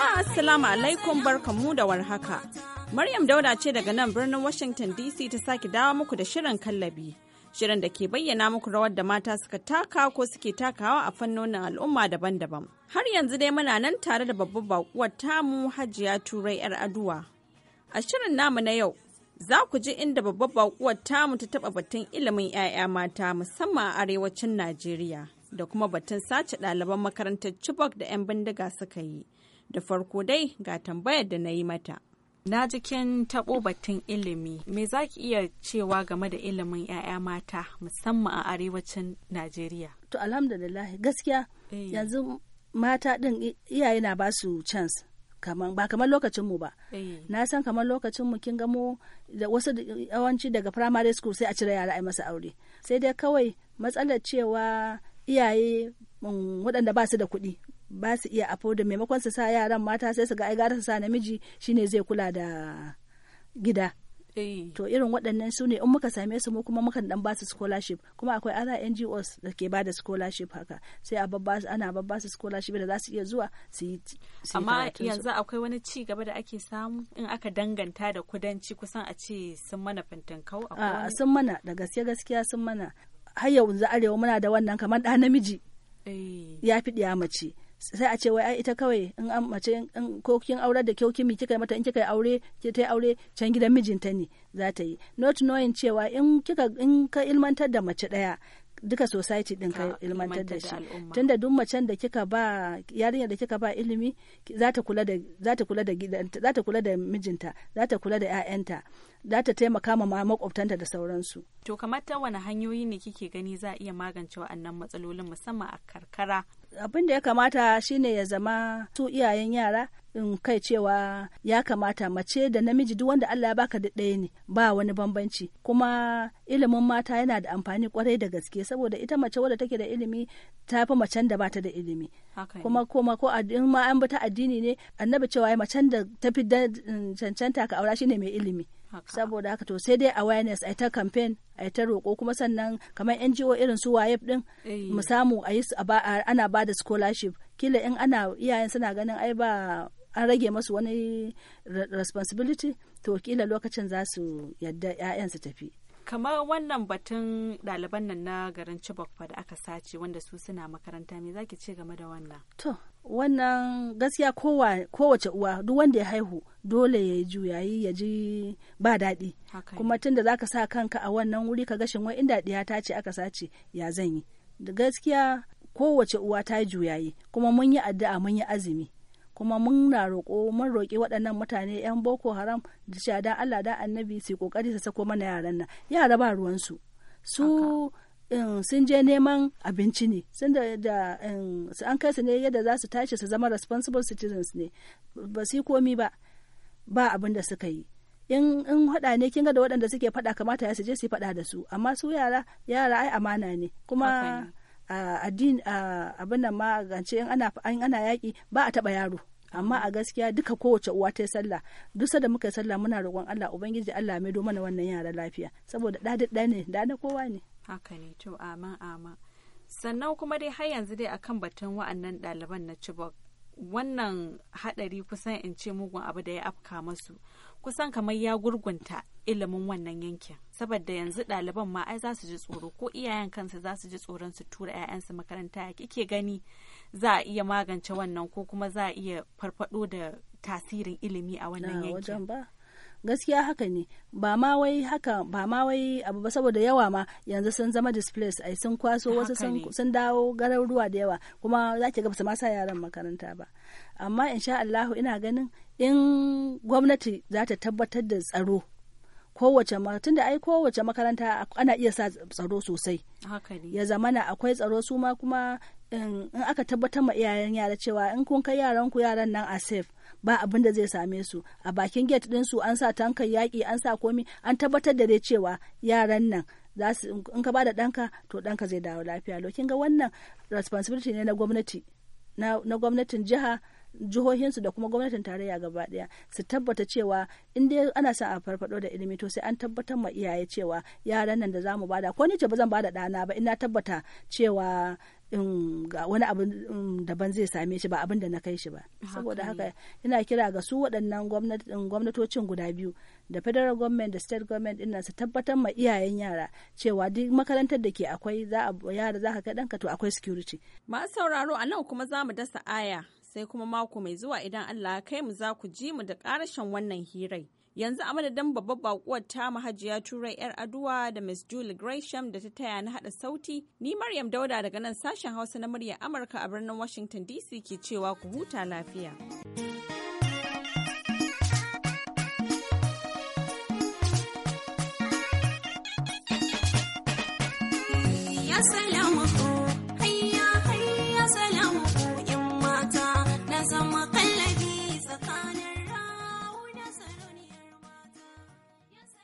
Jama'a Assalamu alaikum mu da warhaka. Maryam Dauda ce daga nan birnin Washington DC ta sake dawo muku da shirin kallabi. Shirin da ke bayyana muku rawar da mata suka taka ko suke takawa a fannonin al'umma daban-daban. Har yanzu dai muna nan tare da babbar bakuwar tamu Hajiya Turai 'yar aduwa. A shirin namu na yau za ku ji inda babbar bakuwar tamu ta taɓa batun ilimin 'ya'ya mata musamman a arewacin Najeriya da kuma batun sace ɗaliban makarantar Chibok da 'yan bindiga suka yi. Da farko dai ga tambayar da na yi mata. Na jikin taɓo batun ilimi, me za ki iya cewa game da ilimin 'ya'ya mata musamman a arewacin Najeriya? To alhamdulillah gaskiya eh. yanzu mata ɗin iyaye na ba su chance. kaman ba kamar lokacin mu ba eh. na san kamar lokacin mu kin gamo da wasu yawanci daga primary school sai a cire yara a masa aure sai dai kawai matsalar cewa iyaye mm, waɗanda ba su da kuɗi ba su iya da maimakon su sa yaran mata sai su ga ai gara su sa namiji shine zai kula da gida eh. to irin waɗannan su ne in muka same su mu kuma mukan dan su scholarship kuma akwai other NGOs da ke bada scholarship haka sai a babba ana babba su scholarship da za su iya zuwa su yi amma yanzu akwai wani ci gaba da ake samu in aka danganta da kudanci kusan a ce sun mana fintinkau a sun mana da gaskiya gaskiya sun mana har yanzu arewa muna da wannan kamar ɗa namiji eh. ya fi mace sai a ce wai ai ita kawai in an mace in ko kin aure da kyau kimi kika mata in kika aure ki ta aure can gidan mijinta ne za ta yi not knowing cewa in kika in ka ilmantar da mace daya duka society din ka ilmantar da shi tunda duk macen da kika ba yarinya da kika ba ilimi za ta kula da za ta kula da gidanta za ta kula da mijinta za ta kula da 'ya'yanta za ta taimaka ma makwabtanta da sauransu to kamar ta wani hanyoyi ne kike gani za a iya magance wa'annan matsalolin musamman a karkara abin da ya kamata shine ya zama su iyayen yara in kai cewa ya kamata mace da namiji duk wanda Allah ya baka da ɗaya ne ba wani bambanci kuma ilimin mata yana da amfani kwarai da gaske saboda ita mace wadda take da ilimi ta fi macen da bata da ilimi kuma kuma ko in ma an bi ta addini ne annabi cewa macen da ta fi mm, cancanta ka aura shine mai ilimi saboda haka to sai dai awareness ai ta campaign ai ta roƙo kuma sannan kamar NGO irin su WAEP din eh. mu samu a yi ana ba da scholarship kila in ana iyayen suna ganin ai ba an rage masu wani responsibility to kila lokacin za su yadda 'ya'yan su tafi kamar wannan batun ɗaliban nan na garin Chibok da aka sace wanda su suna makaranta me zaki ce game da wannan? To, wannan gaskiya kowace uwa duk wanda ya haihu dole ya juyayi ya ji ba daɗi. Kuma tun tunda zaka sa kanka a wannan wuri ka gashin wai inda ɗiya ta ce aka sace ya zan yi. gaskiya kowace uwa ta yi juyayi kuma mun yi addu'a mun yi azumi kuma muna roƙo mun roƙi waɗannan mutane 'yan boko haram da cewa allah da annabi su kokari su sako mana yaran nan yara ba ruwansu su um, sun je neman abinci ne sun da um, an kai su ne yadda za su tashi su zama responsible citizens ne ba su yi komi ba ba abin da suka yi in in hada ne ga da waɗanda suke faɗa kamata ya su je su faɗa da su amma su yara yara ai amana ne kuma addini abin nan ma gance in ana yaƙi ana yaki ba a taba yaro amma a gaskiya duka kowace uwa ta yi sallah duk da muka yi sallah muna roƙon Allah ubangiji Allah mai do mana wannan yara lafiya saboda da duk ne da na kowa ne haka ne to amin amin sannan kuma dai har yanzu dai akan batun wa'annan ɗaliban na Chibok wannan haɗari kusan in ce mugun abu da ya afka masu kusan kamar ya gurgunta ilimin wannan yankin saboda yanzu ɗaliban ma ai za su ji tsoro ko iyayen kansu za su ji tsoron su tura 'ya'yansu makaranta ya kike gani za a iya magance wannan ko kuma za a iya farfado da tasirin ilimi a wannan yankin gaskiya haka ne ba ma wai haka ba ma wai abu ba saboda yawa ma yanzu sun zama displays ai sun kwaso wasu sun dawo garuruwa da yawa kuma za ki ga ba sa yaran makaranta ba amma insha Allah ina ganin in gwamnati za ta tabbatar da tsaro kowace tun da ai kowace makaranta ana iya sa tsaro sosai ya zamana akwai tsaro su ma kuma in aka tabbatar ma iyayen yara cewa in kun kai yaranku yaran nan a safe ba abin da zai same su a bakin gate din su an sa tankan yaƙi an sa komi an tabbatar da dai cewa yaran nan za su in ka bada danka to danka zai dawo lafiya lokin ga wannan responsibility ne na gwamnati na, gwamnatin jiha jihohin su da kuma gwamnatin tarayya gaba daya su tabbata cewa in dai ana son a farfado da ilimi to sai an tabbatar ma iyaye cewa yaran nan da zamu bada ko ni ce ba zan bada dana ba ina tabbata cewa ga wani abu daban zai same shi ba abin da na kai shi ba saboda haka ina kira ga su waɗannan gwamnatocin guda biyu da federal government da state government ina su tabbatar ma iyayen yara cewa duk makarantar da ke akwai za a yara za ka kai ɗanka to akwai security masu sauraro a nan kuma za mu dasa aya sai kuma mako mai zuwa idan Allah ya kai mu za ku ji mu da ƙarashin wannan hirai yanzu a madadin babbar bakuwar ta mahajiya turai yar aduwa da miss julie gresham da ta taya na hada sauti ni maryam dauda daga nan sashen hausa na murya amurka a birnin washington dc ke cewa ku huta lafiya Yes, I am